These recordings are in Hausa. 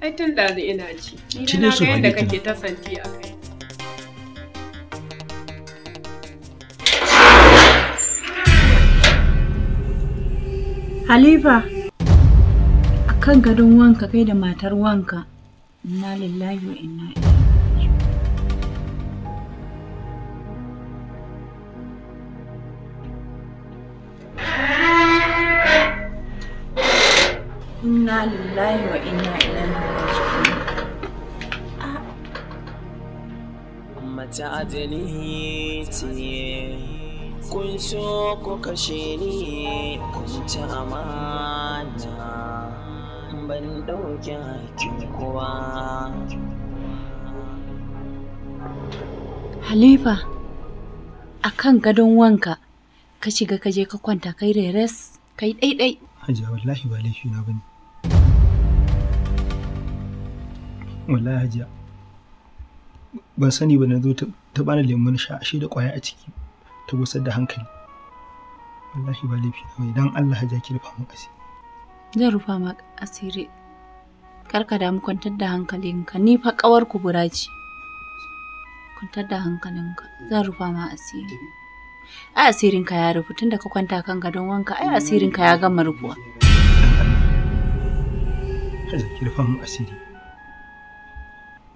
Ai tun ci. dai ta Halifa, a kan gadon wanka kai da matar wanka, inna lillahi wa inna ilaihi. inna lillahi wa inna ilaihi ta adali ce kun so ku kashe ni kun ci amana ban ɗauki hakin kowa Halifa a kan gadon wanka ka shiga ka je ka kwanta kai reres kai ɗaiɗai. Hajiya wallahi ba laifi na bane. Wallahi hajiya ban sani ba na zo ta bani lemun sha ashe da kwaya a ciki ta gusar da hankali wallahi ba laifi ba ne dan Allah ja ki rufa mu kasi zan rufa ma asiri karka da mu kwantar da hankalinka ni fa kawar ku buraci kwantar da hankalinka zan rufa ma asiri ai asirinka ya rufu tunda ka kwanta kan gadon wanka ai asirinka ya gama rufuwa Allah ki rufa mu asiri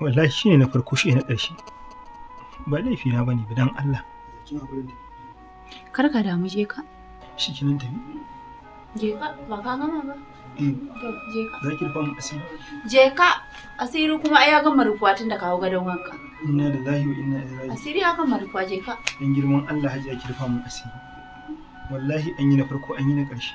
wallahi shi ne na farko shi ne na ƙarshe ba laifi na bane ba dan Allah kar ka damu je ka shi tafi je ka ba ka gama ba mm. je ka za ki rufa asiri je ka asiri kuma ai ya gama rufuwa tun da kawo gadon wanka inna wa inna asiri ya gama rufuwa je ka dan girman Allah ki rufa asiri wallahi an yi na farko an yi na ƙarshe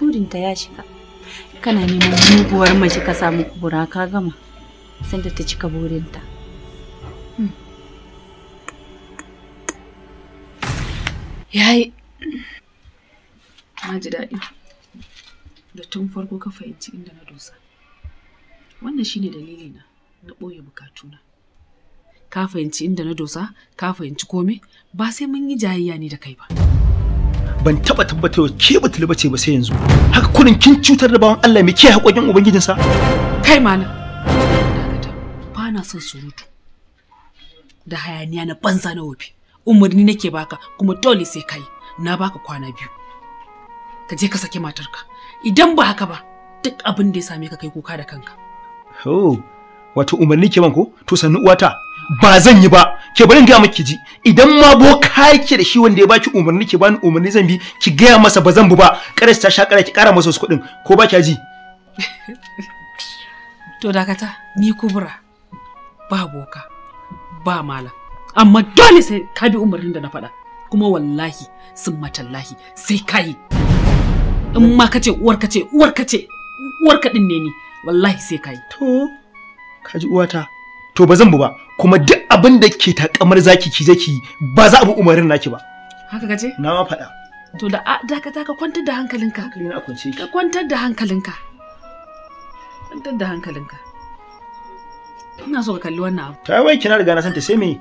burinta ya shiga kana neman muguwar mace ka samu kubura ka gama sanda ta cika burinta hmm. yayi na ji daɗi da tun farko ka fahimci inda na dosa wannan shine dalilina na ɓoye bukatuna ka fahimci inda na dosa ka fahimci komai ba sai mun yi jayayya ne da kai ba ban taba tabbatarwa ke ba ce ba sai yanzu haka kunin kin cutar da bawan Allah me ke hakokin ubangijinsa kai malam ba na son surutu da hayaniya na banza na wofi umarni nake baka kuma dole sai kai na baka kwana biyu ka je ka sake matarka idan ba haka ba duk abin da ya same ka kai kuka da kanka oh wato umarni ke man ko to sannu uwata ba zan yi ba ke bari gaya miki ji idan ma kai ki da shi wanda ya baki umarni ki bani umarni zan bi ki gaya masa ba zan bu ba karas ta shakara ki kara masa su kuɗin ko ba ki ji to dakata ni kubura ba boka ba mala amma dole sai ka bi umarnin da na faɗa kuma wallahi sun matallahi sai ka yi in ma ka ce uwar ka ce uwar ka ce uwar kadin ne ni wallahi sai ka yi to kaji uwata to ba zan bu ba kuma duk abin da ke takamar zaki ki zaki ba za a bi umarin naki ba haka gaje na ma faɗa to da da ka kwantar da hankalinka hankali na kwance ka kwantar da hankalinka kwantar da hankalinka ina so ka kalli wannan abu ta wai kina riga na santa sai me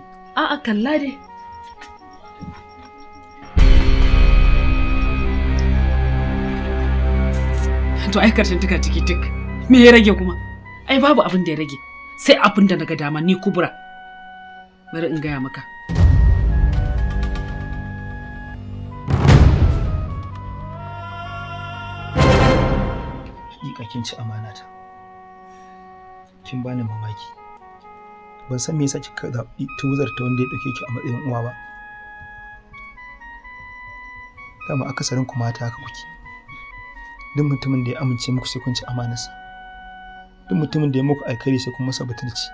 a'a kalla dai to ai karshen tuka tiki tik me ya rage kuma ai babu abin da ya rage sai abin da naga dama ni kubura bari in gaya maka hakika kin ci amanata kin bani mamaki ban san me yasa kika zaɓi tuzar ta wanda ya ɗauke ki a matsayin uwa ba dama akasarin ku mata haka kuke duk mutumin da ya amince muku sai kun ci amanarsa duk mutumin da ya muku alkhairi sai kuma masa butulci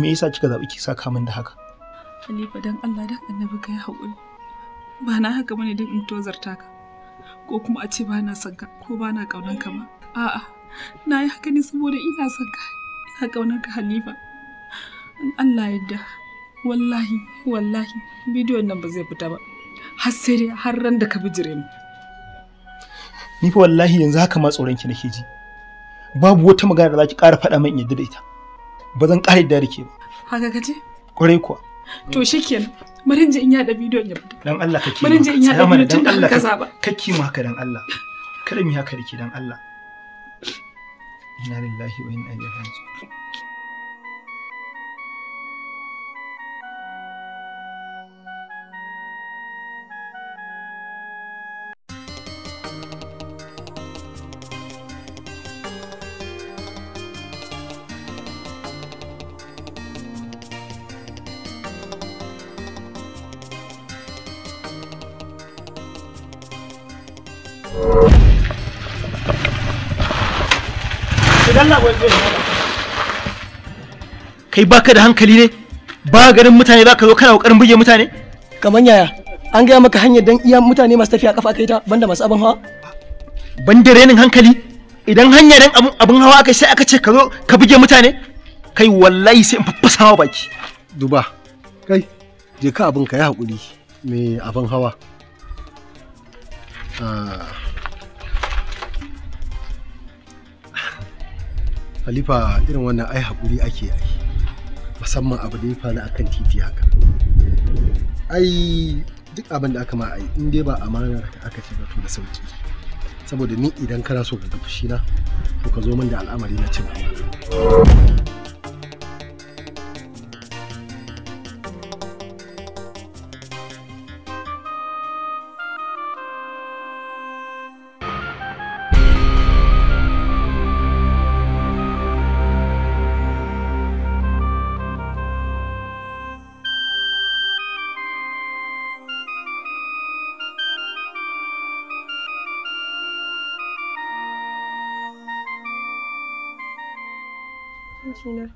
me yasa kika zabi ki saka min da haka Halifa dan Allah dan Annabi kai hakuri ba na haka bane duk in tozarta ka ko kuma a ce ba na son ka ko ba na kaunan ka ba a'a na yi haka ne saboda ina son ka ina kaunar ka Halifa Allah yadda wallahi wallahi bidiyon nan ba zai fita ba har sai har ran da ka bijire mu ni fa wallahi yanzu haka ma tsoron ki nake ji babu wata magana da za ki ƙara faɗa min yadda da ita ba zan ƙara yadda da ke ba haka kaje ƙwarai kuwa to shikenan bari in je in yaɗa bidiyon ya fita dan Allah kake bari in je in yaɗa bidiyon tun da ka zaba kake kima haka dan Allah kada mu haka da ke dan Allah inna lillahi wa inna ilaihi raji'un kai baka da hankali ne ba garin mutane za ka zo kana kokarin buge mutane kamar yaya an gaya maka hanyar dan iya mutane masu tafiya kafa kai ta banda masu abin hawa ban da renin hankali idan hanyar dan abin hawa aka sai aka ce ka zo ka buge mutane kai wallahi sai in fafasa hawa baki duba kai je ka abin ka ya hakuri me abin hawa ah. Halifa irin wannan ai hakuri ake yi musamman abu da ya faru akan titi haka ai duk abin da aka ma ai in dai ba amana aka ce to da sauki saboda ni idan kana so ka ga fushi na to ka zo min da al'amari na cin amana abokina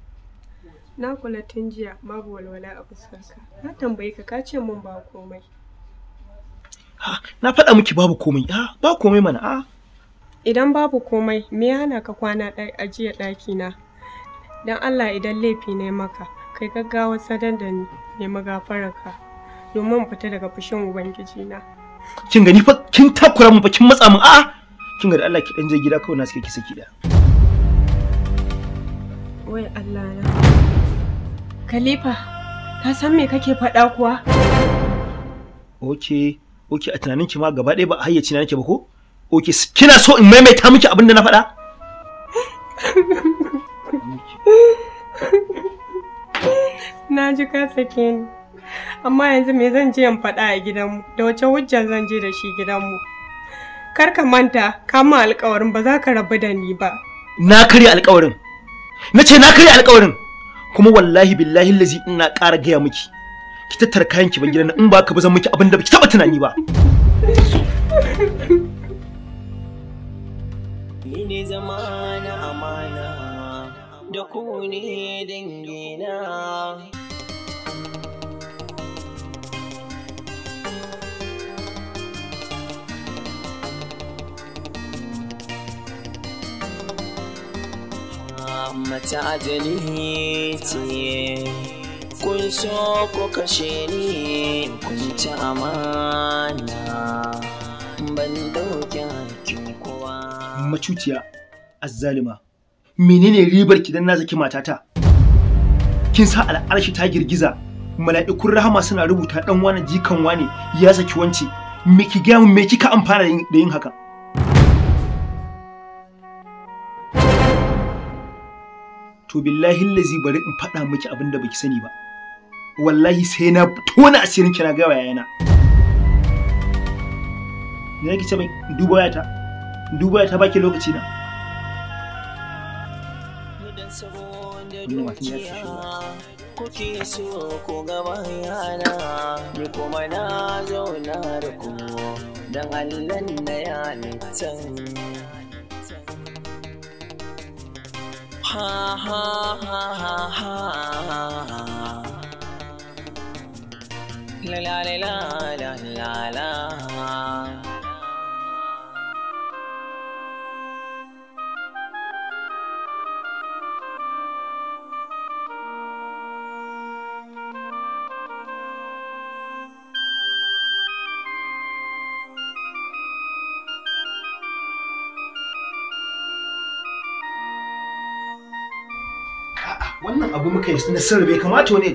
na kula tun jiya babu walwala a fuskarka na tambaye ka ka ce mun ba komai ha na faɗa miki babu komai ha ba komai mana a idan babu komai me hana ka kwana a jiya ɗaki na dan Allah idan laifi ne maka kai gaggawa sadar da ni nemi gafararka domin fita daga fushin ubangiji na kin gani fa kin takura mun fa kin matsa mun a'a kin ga da Allah ki dan je gida kawai na suke ki saki da wai Allah na. Khalifa, ka san me kake faɗa kuwa? Oke, oke a tunanin ki ma gaba ɗaya ba hayyaci na nake ba ko? Oke, kina so in maimaita miki abin da na faɗa? Na ji ka sake ni. Amma yanzu me zan je in faɗa a gidanmu? Da wace hujja zan je da shi gidanmu? Kar ka manta, ka ma alƙawarin ba za ka rabu da ni ba. Na karya alƙawarin. na ce na kai alƙawarin kuma wallahi billahi lazi ina ƙara gaya miki ki tattara kayan ki ban gidan in ba ka bazan miki abin da baki taba tunani ba ni ne zamana amana da ku ne dangina mace ajali ce kun so ku kashe ni kun ci amana ban dauke ki kowa macuciya azzalima menene ribar ki dan na saki matata kin sa al'arshi ta girgiza mala'ikun rahama suna rubuta dan wani jikan wani ya saki wance me ki ga me kika amfana da yin haka to billahi lazi bari in faɗa miki abin da baki sani ba wallahi sai na tona asirin kina ga yana ne ki ce mai duba wayata duba wayata baki lokaci na kuke so ku ga bayana ni kuma na na ha ha ha ha la la la la la la kai na sirri bai kamata wani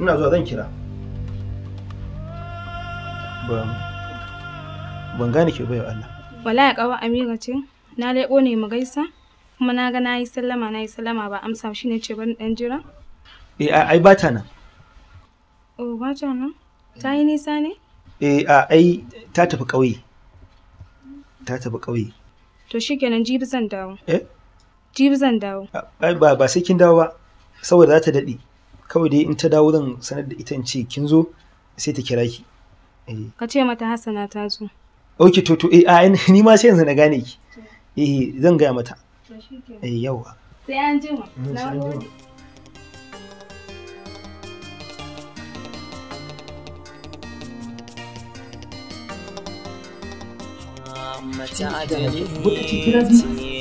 ina zuwa zan kira ban gane ke bayo Allah wala ya kawo amira ce na laibo ne mu gaisa kuma na ga na yi sallama na yi sallama ba amsa shi ne ce bari dan jira eh ai bata ta nan oh bata ta nan ta yi nisa ne eh a ai ta tafi ƙauye ta tafi ƙauye to shikenan jibi zan dawo eh jibi zan dawo ba ba sai kin dawo ba saboda za ta daɗe kawai dai in ta dawo zan sanar da ita in ce kin zo sai ta kira ki eh. ka ce mata hasana ta zo ok to to eh a ni ma sai yanzu na gane ki eh zan gaya mata eh yawa sai an jima mm, na gode Mata adalci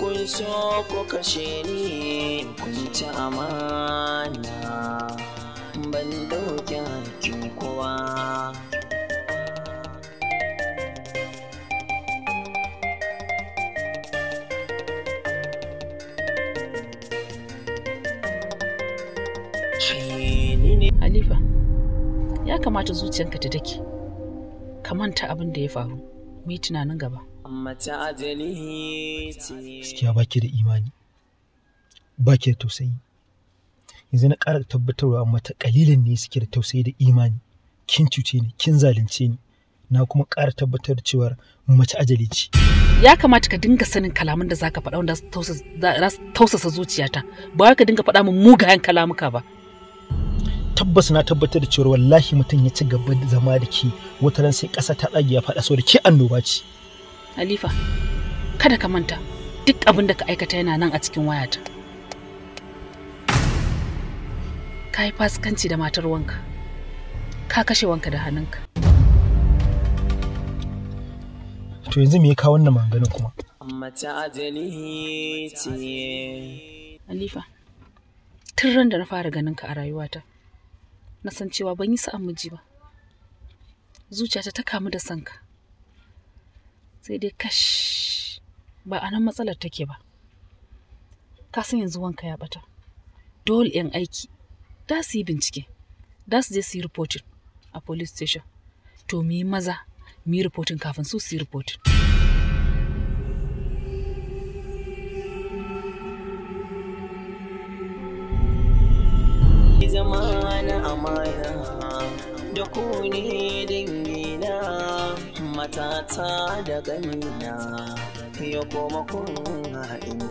kun so ku kashe ni kun ci amana ban dauke hakkin kowa Halifa, ya kamata zuciyanka ta take, ka manta abin da ya faru, mu yi tunanin gaba. gaskiya baki da imani baki da tausayi yanzu na ƙara tabbatarwa amma ta ƙalilan ne suke da tausayi da imani kin cuce ni kin zalunce ni na kuma ƙara tabbatar da cewar mace ajali ce ya kamata ka dinga sanin kalaman da zaka faɗa wanda za su tausasa zuciyata ba ka dinga faɗa min mugayen kalamuka ba tabbas na tabbatar da cewar wallahi mutum ya ci gaba da zama da ke ran sai ƙasa ta tsage ya faɗa saboda ke annoba ce Halifa, kada ka manta duk abin da ka aikata yana nan a cikin wayata. Ka yi fasikanci da matar wanka, ka kashe wanka da hannunka. To yanzu me ya kawo wannan maganin kuma? Halifa, tun ran da na fara ganin ka a rayuwata, na san cewa ban yi sa'an miji ba. Zuciyata ta kamu da sanka. sai dai kash ba a nan matsalar take ba ka san yanzu wanka ya bata dole yan aiki da su yi bincike da su je su yi reporting a police station to mu yi maza mu yi reporting kafin su su yi reporting zama amana da ku ne matata da ganina ya koma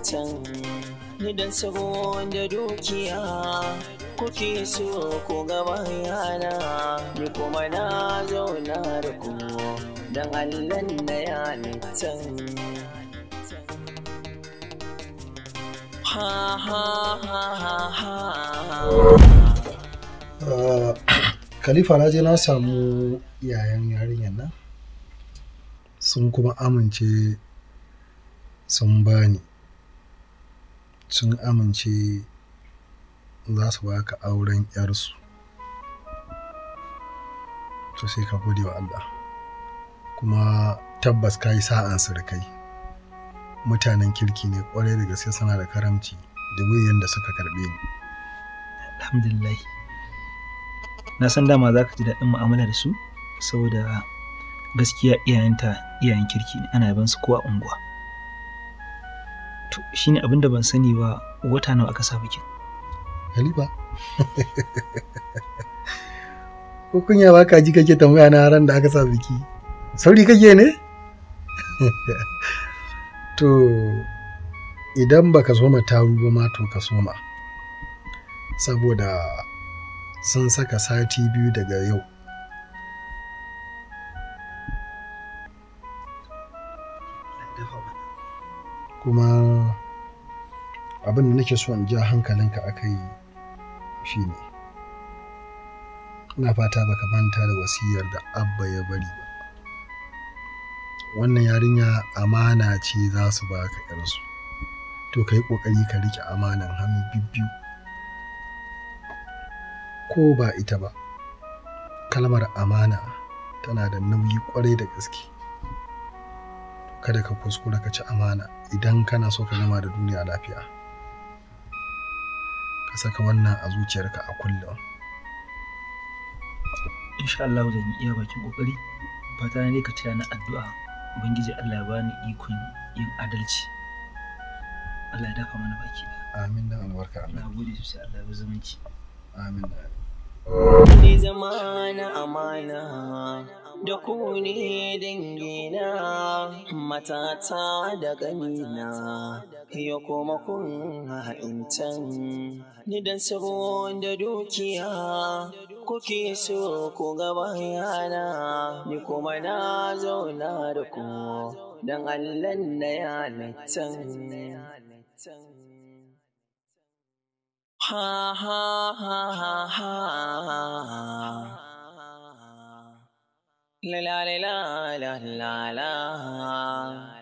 can Ni dan sabo da dukiya kuke so ku gaba yana ni kuma na zauna da ku don allan na yalittan ha ha ha ha ha ah, Khalifa na je na samu yayan yarinyar nan sun kuma amince sun bani sun amince za su baka auren yarsu to sai ka gode wa Allah kuma tabbas ka yi sa'an sirkai mutanen kirki ne kwarai da gaske suna da karamci da wuyan da suka karbe ni alhamdulillah na san dama za ka ji daɗin mu'amala da su saboda gaskiya iyayenta iyayen kirki ne ana yabansu ko a unguwa to shine abin da ban sani ba wata nawa aka sa bikin Haliba ko kunya ba ka ji kake tambaya na ran da aka sa biki sauri kake ne to idan baka soma taru ba ma to ka soma saboda sun saka sati biyu daga yau kuma abin da nake so in ja hankalinka a kai shi ne ina fata baka manta da wasiyar da abba ya bari ba wannan yarinya amana ce za su baka yarsu to ka yi ƙoƙari ka rike amanan hannu bibbiyu ko ba ita ba kalmar amana tana da nauyi kwarai da gaske kada ka kuskura ka ci amana idan kana so ka gama da duniya lafiya ka saka wannan a zuciyarka a kullum insha Allah zan yi iya bakin kokari fata ne ka tana addu'a ubangiji Allah ya bani ikon yin adalci Allah ya dafa mana baki amin da albarka Allah ya gode sosai Allah ya zumunci amin da Ni zama na amana da ku ne dangina matata da ganina ya kuma kun ha'intan ni dan sabo da dukiya kuke so ku gaba yana ni kuma na zauna da ku dan Allah na ya ha ha ha ha la la la la la la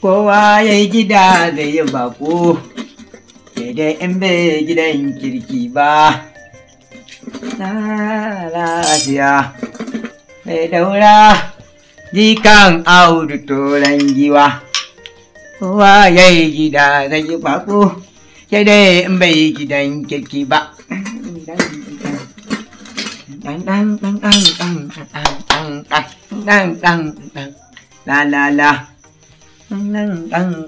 kowa ya yi gida zai yi bako sai dai in bai gidan kirki ba na lafiya mai daura jikan audu tolan giwa kowa ya yi gida zai yi bako sai dai in bai gidan kirki ba dan dan dan dan dan dan dan dan dan Tun nake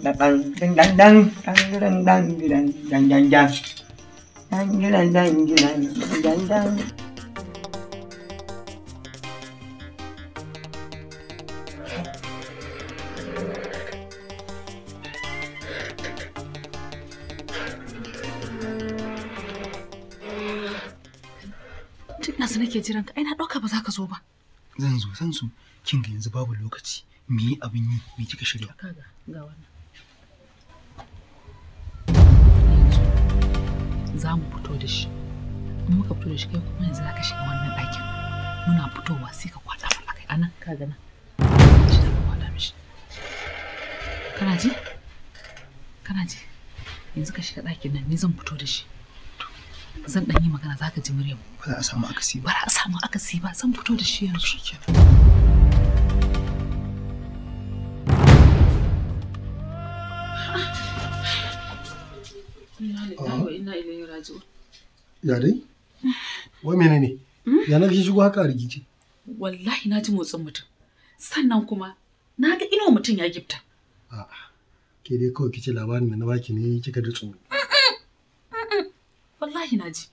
jiranka, ai na ɗauka ba za ka zo ba. Zan zo, zan zo. Kin ga yanzu babu lokaci. me abin yi me kika shirya kaga ga wannan za mu fito da shi in muka fito da shi kai kuma yanzu ka shiga wannan ɗakin muna fitowa sai ka kwada mu akai anan ka ga nan shi da kwada mishi kana ji kana ji yanzu ka shiga ɗakin nan ni zan fito da shi zan ɗan yi magana zaka ji muryar ba za a samu akasi ba ba za a samu akasi ba zan fito da shi yanzu Ya dai? Wai menene? Hmm? Ya na shigo haka a rigice? Wallahi na ji motsin mutum. Sannan kuma na ga mutum ya gifta. A'a. Ke dai kawai kice labarin da na baki ne kika da tsoro. Wallahi na ji.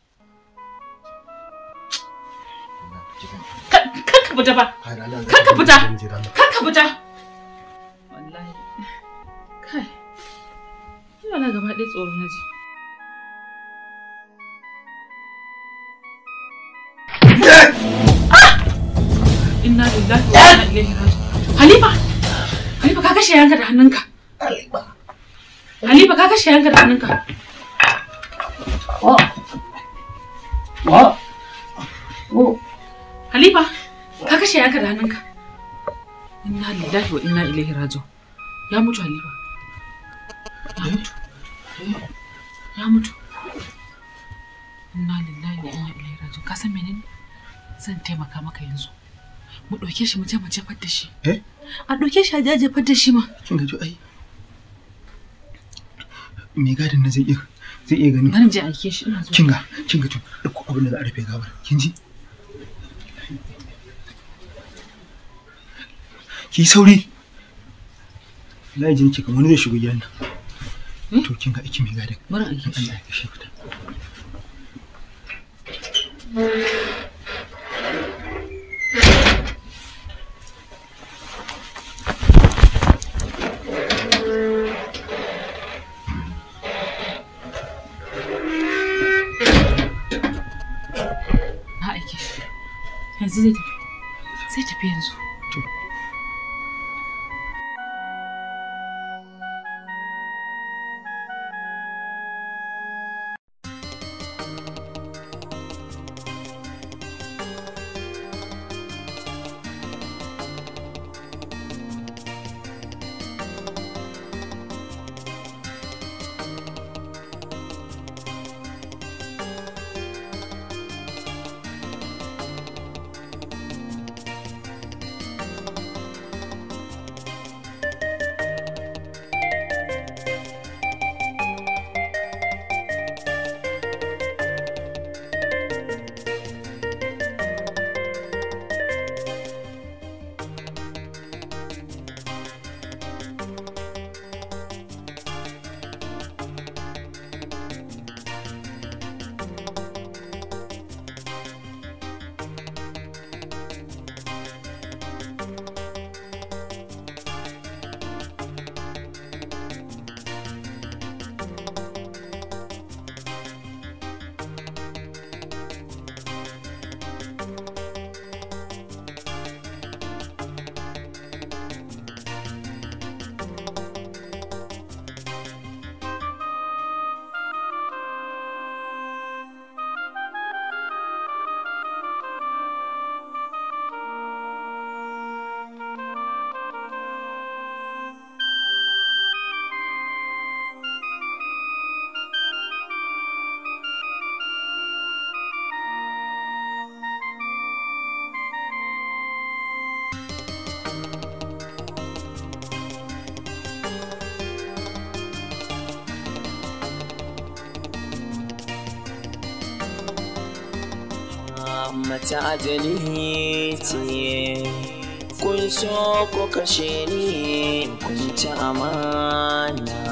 ka fita ba. ka fita. ka fita. Wala gaba ɗaya tsoro na ji. Ah! Inna lillahi wa inna ilaihi raji'un. Halifa! Halifa ka kashe yanka da hannunka. Halifa ka kashe yanka da hannunka. Halifa ka kashe yanka da hannunka. Inna lillahi wa inna ilaihi raji'un. Ya mutu Halifa. ya mutu ya mutu inna lillahi wa inna ilaihi ka san menene zan taimaka maka yanzu mu ɗauke shi mu je mu jefar da shi eh a ɗauke shi a je jefar da shi ma kin gaji ai me gadin na zai iya zai iya gani bari je aike shi ina zuwa kin ga kin gaji duk abin da za a rufe gabar kin ji ki sauri Lai je ki kamar zai shigo gidan nan Hmm? to kin mai gadi Allah ta ce kun so ku kashe ni kun ci amana